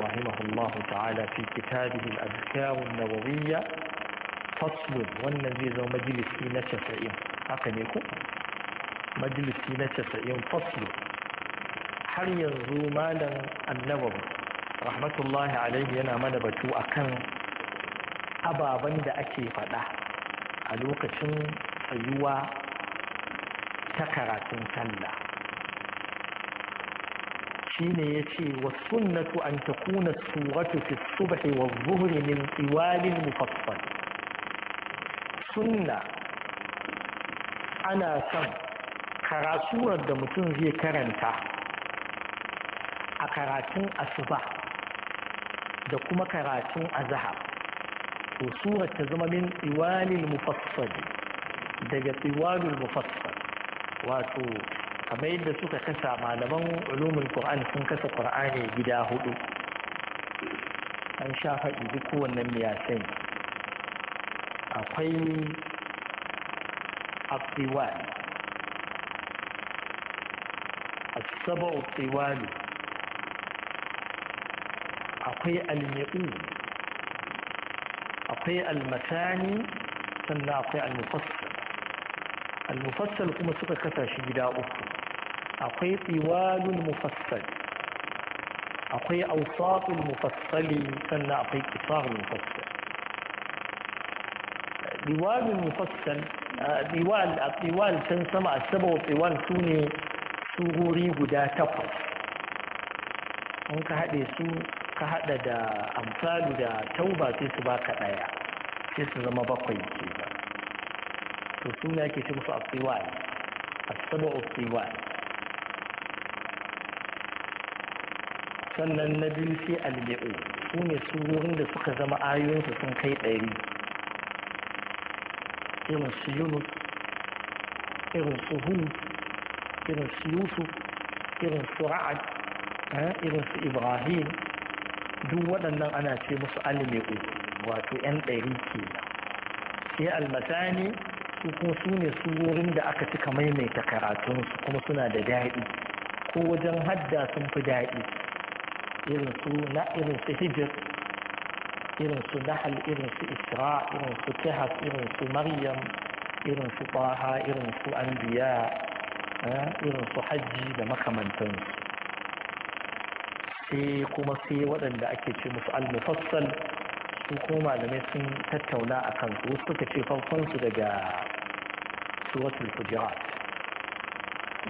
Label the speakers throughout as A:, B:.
A: رحمه الله تعالى في كتابه الأذكار النووية فصل والنزيز مجلسي نتسعين أقنيكم مجلسي نتسعين فصل har yanzu malam annabab rahmatullahi alaihi yana mana batu akan ababen da ake faɗa a lokacin tsayuwa ta karatun sallah shine yace wa sunnatu an takuna suratu fi as-subhi wa dhuhri min tiwalin mufassal sunna ana son karatuwar da mutum zai karanta a karatun asuba da kuma karatun azhar to surar ta zama min tiwalil mufaffal daga tiwalul mufaffal wato kamar yadda suka kasa malaman ulumul qur'an sun kasa qur'ani gida hudu an sha faɗi duk wannan miyasai akwai الطوال السبع الطوال أقي المئون أقي المثاني سنة أقي المفصل المفصل كما سكا كتا شجداء أخر أقوي طوال المفصل أقوي أوساط المفصل سنة أقوي قصار المفصل طوال المفصل طوال طوال سنة سمع السبع طوال سنة سوغوري غدا تقر Anka haɗe su ka haɗa da amfani da tauba sai su baka ɗaya sai su zama bakwai ke ba. To sannan na biyu sai almi'u su ne surorin da suka zama ayoyinsu sun kai ɗari irin su yunus irin su hud irin su yusuf irin su ra'ad irin su ibrahim duk waɗannan ana ce musu almi'u wato 'yan ɗari ke sai almasani su kuma su ne surorin da aka cika maimaita karatunsu kuma suna da daɗi ko wajen hadda sun fi daɗi إرسوا لا إرسوا هجر إرسوا نحل إرسوا إسراء إرسوا كهف إرسوا مريم إرسوا طه إرسوا أنبياء إرسوا حج لما خمن تنس سيكو في ودن لأكيش مفعل مفصل سيكو ما لم يسن تتونا أكان سوستك في فلسل سدقا سورة الفجرات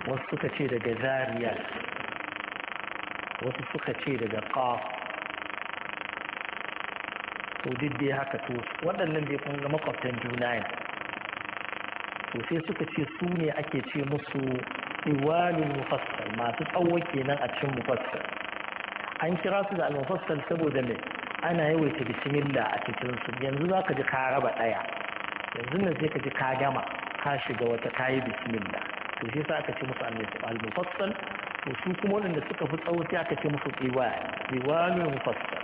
A: وسوكتي دجزاريات wasu suka ce daga qaf to duk haka to waɗannan dai kun ga makwabtan juna ne to sai suka ce su ne ake ce musu iwalul mufassal masu tsawo kenan a cikin mufassal an kira su da al-mufassal saboda me ana yawaita bismillah a cikin su yanzu zaka ji ka raba daya yanzu nan sai ka ji ka gama ka shiga wata kayi bismillah to shi sa aka ce musu al-mufassal su kuma waɗanda suka fi tsawo sai aka ce musu tsiwan tsiwanin mufassar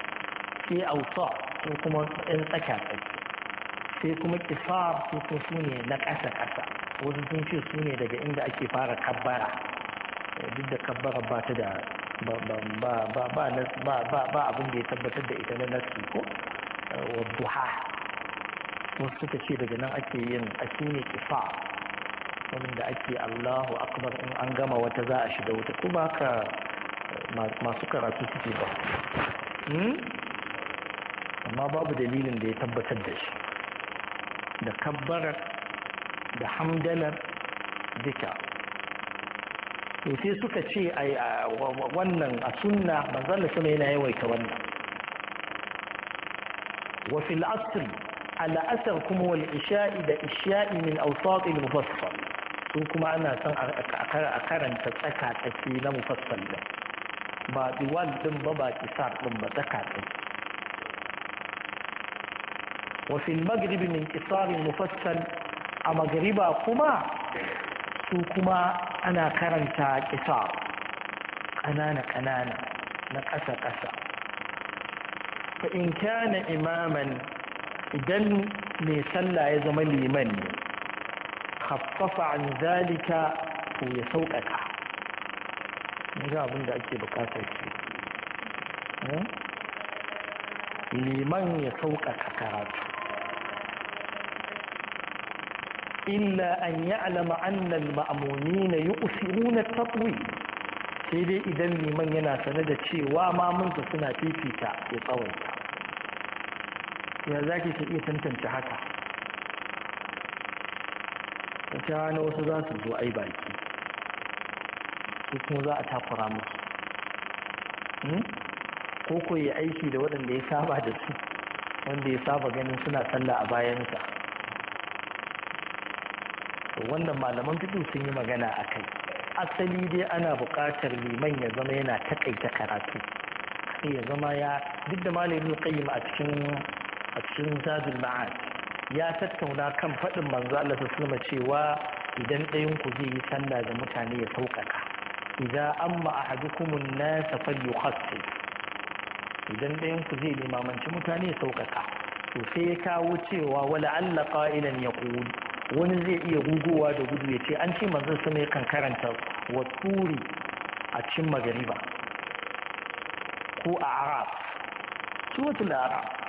A: sai ausa ko kuma ɗan tsaka tsaki sai kuma kisar su ko su ne na ƙasa ƙasa wasu sun ce su ne daga inda ake fara kabbara duk da kabbara ba ta da ba abin da ya tabbatar da ita na nasi ko wa duha wasu suka ce daga nan ake yin ake ne kisar da ake Allahu akbar in an gama wata za a shiga wuta kuma ka masu karatu suke ba hmm? amma babu dalilin da ya tabbatar da shi da kabbarar da hamdalar duka to sai suka ce a wannan a sunna manzala sama yana yawaita wannan wa fil asr al kuma wal isha'i da isha'i min awsat al su kuma ana son a karanta tsaka tsaki na mufassal da ba diwal din ba ba kisar din ba tsaka tsaki وفي المغرب من قصار مفصل أما غريبا كما سوكما أنا كرنتا قصار قنانا قنانا نقسى قسى فإن كان إماما إذن ميسلا يزمن لمن khaffafa an zalika to ya sauƙaƙa ga abin da ake bukatar ce eh? liman ya sauƙaƙa karatu illa an ya'lama annal ma'amuni na tatwi sai dai idan liman yana sane da cewa mamunsa suna fifita ya tsawaita ya za ki iya tantance haka wata rana wasu za su zo ai baki su kuma za a takura musu hmm? ko ko aiki da waɗanda ya saba da su wanda ya saba ganin suna sallah a bayansa wannan malaman fito sun yi magana a kai asali dai ana buƙatar liman ya zama yana taƙaita karatu ya zama ya duk da malamin a cikin a cikin zadul ma'ad ya tattauna kan faɗin manzo Allah cewa idan ɗayan ku zai yi sallah da mutane ya sauƙaƙa idza amma ahadukumun nas falyukhaffi idan ɗayan ku zai limamanci mutane ya sauƙaƙa to sai ya kawo cewa wala alla wani zai iya gugowa da gudu ya ce an ce manzo sama yakan karanta wa turi a cin magariba ko a araf suratul araf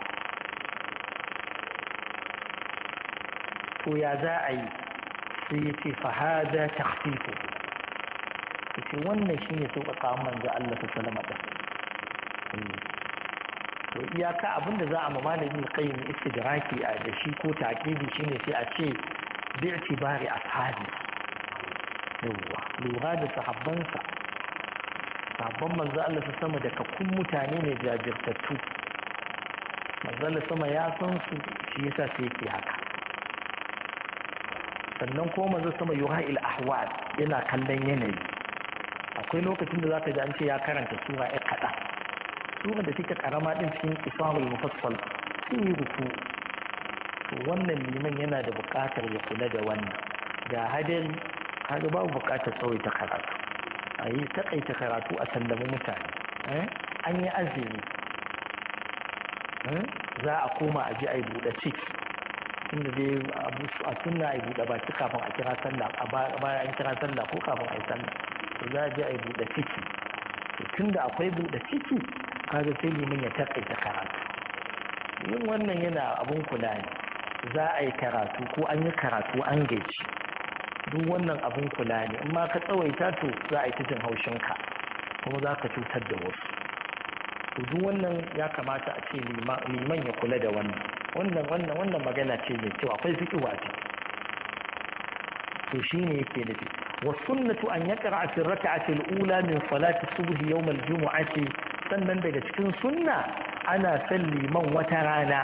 A: to ya za a yi sai ya ce fahada ta fito ya ce wannan shi ne sauƙaƙa manzo Allah ta salama ɗan to iyaka abinda za a mamana yin ƙayin istidraki a da shi ko taƙidi shi ne sai a ce bi itibari ashabi yawwa lura da sahabbansa sahabban manzo Allah ta sama da kakkun mutane ne jajirtattu manzo Allah sama ya san su shi yasa sai yake haka sannan kuma manzo sama yuha'il ahwal yana kallon yanayi akwai lokacin da zaka ji an ce ya karanta sura ya kada sura da take karama din cikin isahul mufassal sun yi ruku to wannan liman yana da buƙatar ya kula da wannan ga hadari kaga babu buƙatar tsawaita karatu a yi takaita karatu a sallami mutane eh? an yi azumi eh? za a koma a ji a yi buɗe ciki inda dai a sunna a buɗe baki kafin a kira sallah a bayan an kira sallah ko kafin a yi sallah to za a je a yi buɗe ciki tun da akwai buɗe ciki kaga sai liman ya taƙaita karatu yin wannan yana abun kula ne za a yi karatu ko an yi karatu an gaici duk wannan abun kula ne amma ka tsawaita to za a yi cikin haushin haushinka kuma za ka cutar da wasu duk wannan ya kamata a ce liman ya kula da wannan wannan wannan wannan magana ce mai kyau akwai fiqh a ciki to shine yake nufi wa sunnatu an yaqra fi rak'ati al-ula min salati subhi yawm juma'a ce sannan daga cikin sunna ana san liman wata rana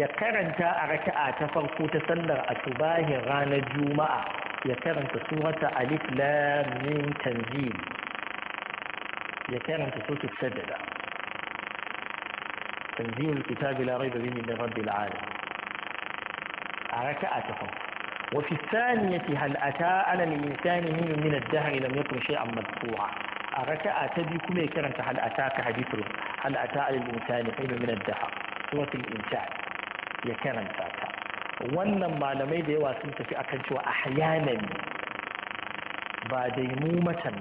A: ya karanta a raka'a ta farko ta sallar asubahin ranar juma'a ya karanta surata alif lam min tanzil ya karanta sura sajda تنزيل الكتاب لا ريب به من رب العالمين ركعة فقط وفي الثانية هل أتى على الإنسان من من الدهر لم يكن شيئا مدفوعا ركعة تبي كما يكرنك هل أتاك حديث هل أتى على الإنسان حين من الدهر سورة الإنسان يكرنك wannan malamai لم يدى واسمت في أكنش وأحيانا بعد يمومة daimumatan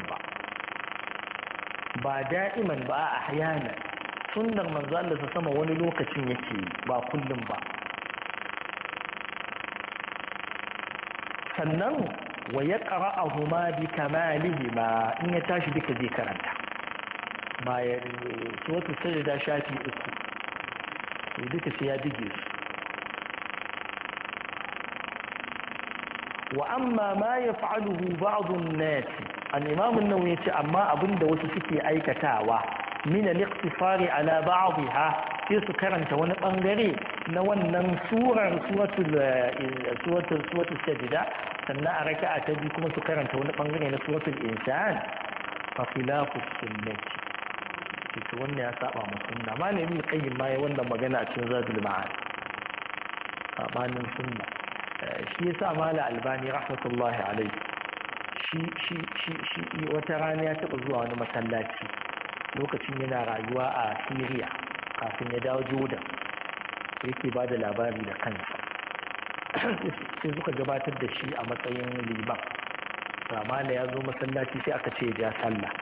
A: ba دائما da'iman أحيانا sunnar manzo Allah ta sama wani lokacin yake ba kullum ba sannan wa ya a huma bi kamalihi ma in ya tashi duka zai karanta ba ya suwatu da shafi uku to duka sai ya bige su wa amma ma ya fa'aluhu ba'dun nasi al-imam nan nawawi yace amma abinda wasu suke aikatawa من الاقتصار على بعضها إذ كرمت ونبانجري نوان نصورا سورة سورة سورة السجدة سنة أركا أتديكم سكرمت ونبانجري سورة الإنسان فخلاف السنة تتوني أسأل ما سنة ما نبي القيم ما يوانا مغانا أتنزاد المعاد ما نسنة شيء سامال الباني رحمة الله عليه شيء شيء شيء شيء وتراني أتقضوا أنا مثلاتي lokacin yana rayuwa a Syria kafin ya dawo Jordan yake ba da labari da kansa sai suka gabatar da shi a matsayin liman ramana ya zo masallaci sai aka ce ja sallah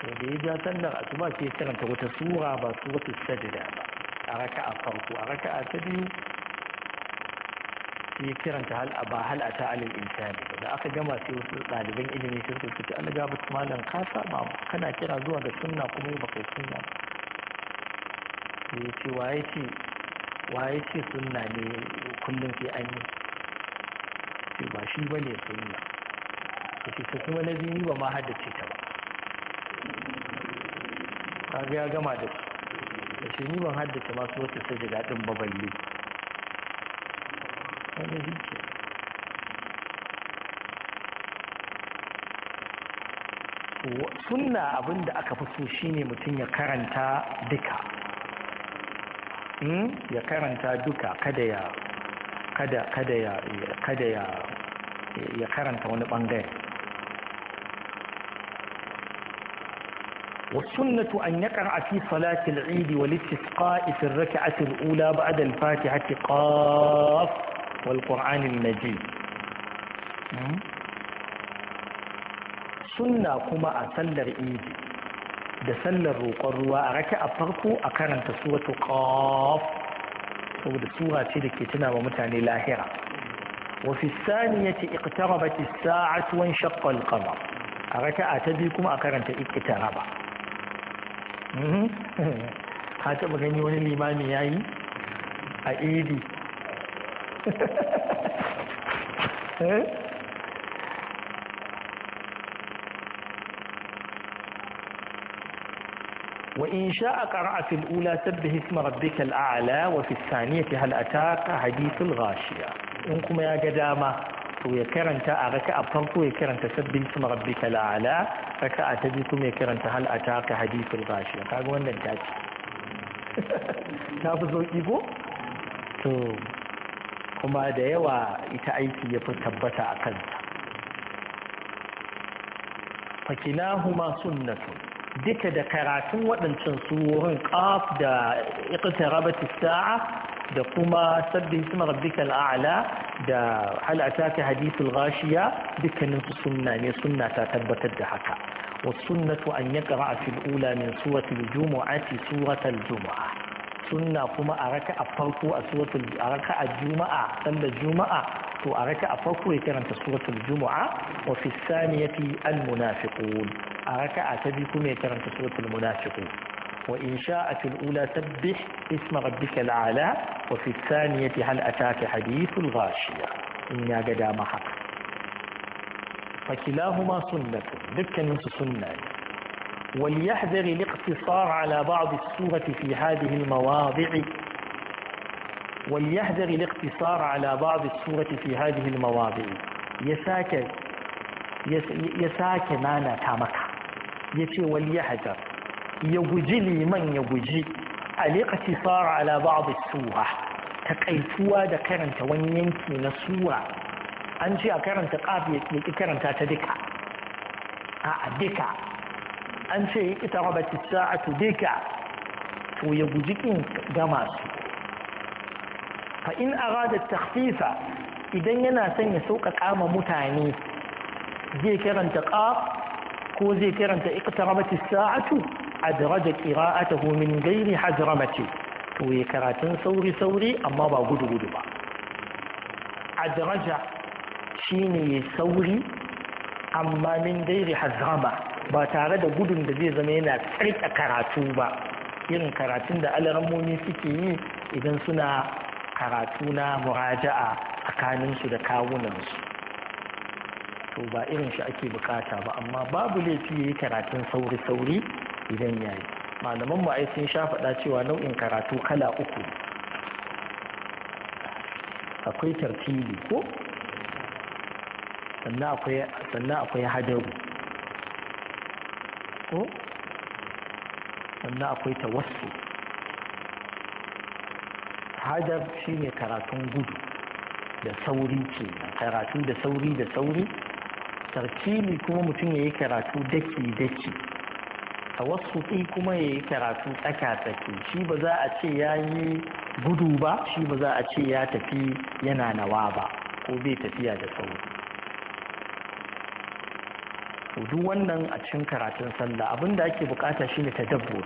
A: da ya ja sallar asuba sai ya karanta wata sura ba suratul da ba a raka'a farko a raka'a ta biyu kiran ta hal ba hal a ta'alil insani da aka gama sai wasu ɗaliban ilimi sai su ce Allah gaba malam ka saba kana kira zuwa ga sunna kuma ba kai sunna ya ce waye ce waye ce sunna ne kullum sai an yi ce ba shi ba ne sunna ya ce ta kuma na zini ba ma haddace ta ba kaga ya gama da su ya ce ni ban haddace masu wata sajida ɗin ba balle هذا هيك sunna abin da aka fi so shine mutum ya karanta duka ya karanta duka kada ya kada kada ya kada ya ya karanta wani bangare والسنة أن يقرأ في صلاة العيد والاستسقاء في الركعة الأولى بعد الفاتحة قاف والقرآن المجيد sunna kuma a sallar idi da sallar roƙon ruwa a raka a farko a karanta suratu qaf saboda sura ce da ke tuna wa mutane lahira wa fi saniyati iqtarabat as-sa'atu wa inshaqqa al-qamar a raka'a ta biyu kuma a karanta iqtaraba ka taɓa gani wani limami ya yi a idi إيه؟ وإن شاء قرأ في الأولى سبه اسم ربك الأعلى وفي الثانية هل أتاك حديث الغاشية إنكم يا قدامة ويكرنت أركع أبطلت ويكرنت سبه اسم ربك الأعلى ركع أتدكم يكرنت هل أتاك حديث الغاشية قاقوا أن الداج تافزوا إيبو تو kuma da yawa ita aiki ya fi tabbata a kanta fakina huma sunnatu duka da karatun waɗancan surorin ƙaf da iqtarabati sa'a da kuma sabbi isma rabbika al'ala da hal ataka hadithul ghashiya dukkanin su sunna ne sunna ta tabbatar da haka sunnatu an والسنة أن يقرأ في الأولى من سورة الجمعة سورة الجمعة sunna kuma a raka a farko a suratul a raka a juma'a sallar juma'a to a raka a farko ya karanta suratul juma'a wa fi saniyati al munafiqun a raka a ta biyu kuma ya karanta suratul munafiqun wa in sha'a fil ula tabbih isma rabbika al ala wa fi saniyati hal ataka hadithul ghashiya in ya ga dama haka kilahuma sunnatu dukkaninsu sunna ne وليحذر الاقتصار على بعض السورة في هذه المواضع وليحذر الاقتصار على بعض السورة في هذه المواضع يساك يساك مانا تامك يتي وليحذر يوجي من يوجي الاقتصار على بعض السورة تقيتوا دكرن من نسورة أنت أكرن تقابي يكرن تاتدك أعدك an ce ita rabata sa'atu dika to ya guji kin gama su fa in arada takhfifa idan yana son ya sauka kama mutane zai karanta qaf ko zai karanta iqtarabat as-sa'atu adraja qira'atuhu min ghairi hajramati to ya karatun sauri sauri amma ba gudu gudu ba a adraja shine ya sauri amma min ghairi hajrama ba tare da gudun da zai zama yana tsarka karatu ba irin karatun da alarammomi suke yi idan suna karatu na muraja'a tsakaninsu da kawunansu to ba irin shi ake bukata ba amma babu laifi ya yi karatun sauri-sauri idan ya yi malaman ma'ai sun sha faɗa cewa nau'in karatu kala uku akwai tartili ko sannan akwai hadaru ko sannan akwai wasu hadar shi ne karatun gudu da sauri ce karatu da sauri da sauri sarkini kuma mutum ya yi karatu daki-daki tawassuti kuma ya yi karatu tsaka-tsaki shi ba za a ce ya yi gudu ba shi ba za a ce ya tafi yana nawa ba ko bai tafiya da sauri to duk wannan a cikin karatun sallah abinda ake bukata shine tadabbur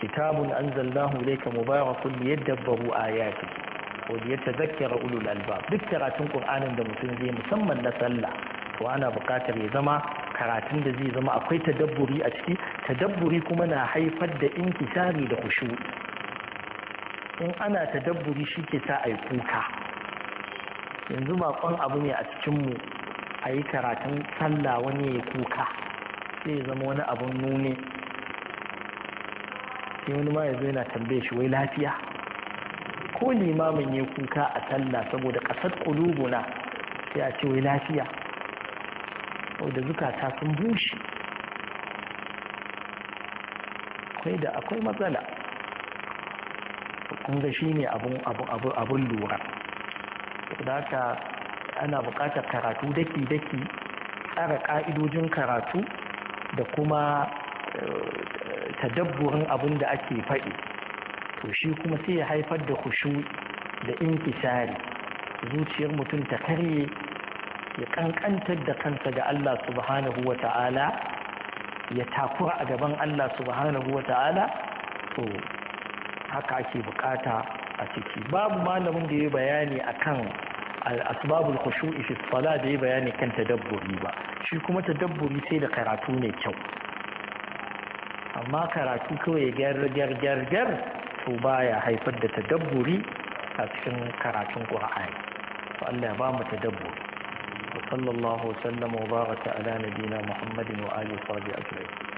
A: kitabun anzalnahu ilayka mubarakun liyadabbaru ayati wa liyatadhakkara ulul albab duk karatun qur'anin da mutum zai musamman na sallah to ana bukatar ya zama karatun da zai zama akwai tadabburi a ciki tadabburi kuma na haifar da inkisari da khushu in ana tadabburi shi ke sa ai kuka yanzu makon abu ne a cikinmu a yi karatun sallah wani ya kuka sai zama wani abun nune sai wani ma ya zo yana tambaye shi wai lafiya ko limamin ya kuka a sallah saboda kasar kulubuna sai a ce wai lafiya da zukata sun bushe akwai da akwai matsala kun ga shi ne abun lura da haka ana buƙatar karatu daki-daki tsara ƙa'idojin karatu da kuma eh, tadabburin abin da ake faɗi to shi kuma sai ya haifar da kushu da inkisari zuciyar mutum ta karye ya ƙanƙantar da kansa ga Allah subhanahu wa ta'ala ya takura a gaban Allah subhanahu wa ta'ala to haka ake bukata a ciki babu malamin da ya bayani akan alasbabul khushu'i fi sala da yi bayani kan tadabburi ba shi kuma tadabburi sai da karatu ne kyau amma karatu kawai gyar gyar gyar gyar to baya haifar da tadabburi a cikin karatun qur'ani to Allah ya ba mu tadabburi wa sallallahu wa sallama wa ala nabina muhammadin wa alihi wa sahbihi ajma'in